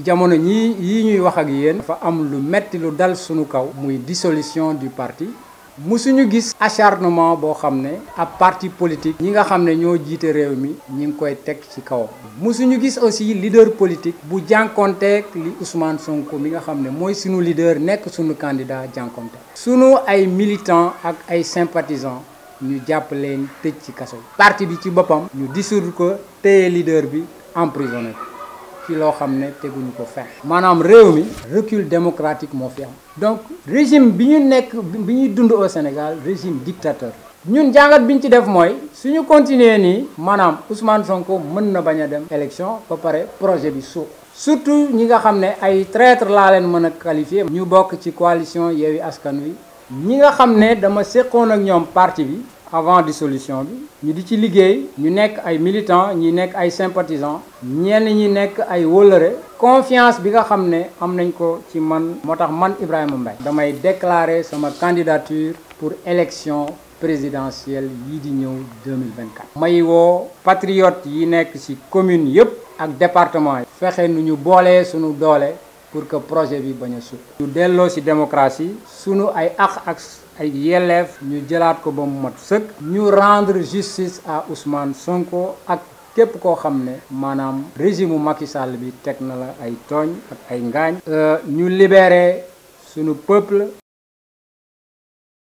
jamono ñi yi ñuy wax ak yeen Fa am lu metti lu dal suñu kaw muy dissolution du parti musuñu gis acharnement bo xamné ab parti politique ñi nga xamné ñoo jité réew mi ñi ngi koy tek ci kaw musuñu gis aussi leader politique bu jànkonteeg li Ousmane Sonko mi nga xamné moy suñu leader nek suñu candidat jànkonte suñu ay militants ak ay sympathisants ñu jàpp leen ci kasso parti bi ci bopam ñu dissoudre ko téye leader bi emprisonné ci lo xam ne ko fex manam réew mi recul démocratique mo fi am donc régime biñu nek nekk dund au Sénégal régime dictateur ñun jangat biñ ci def moy suñu continuer ni manam Ousmane Sonko mën na baña dem élection ba paré projet bi suux surtout ñi nga xam ay traître la leen mëna qualifier ñu bok ci coalition yewi Askan Wi ñi nga xam dama séqoon ak ñom parti bi avant dissolution bi ñu di ci liggéey ñu nekk ay militants ñi nekk ay sympathisants ñenn ñi nekk ay wólëre confiance bi nga xam ne am nañ ko ci man moo man Ibrahima Mbaye damay déclarer sama candidature pour élection présidentielle yi di ñëw 2024 may woo patriote yi nekk ci commune yëpp ak département yi fexe nu ñu boolee suñu doole pour que projet bi bañ a sut ñu delloo ci démocratie sunu ay ax ak ay yelleef ñu jëlaat ko ba mu mat sëkk ñu rendre justice à Ousmane Sonko ak képp koo xam ne maanaam régime Macky Sall bi teg na la ay tooñ ak ay ngaañ euh, ñu libéré suñu peuple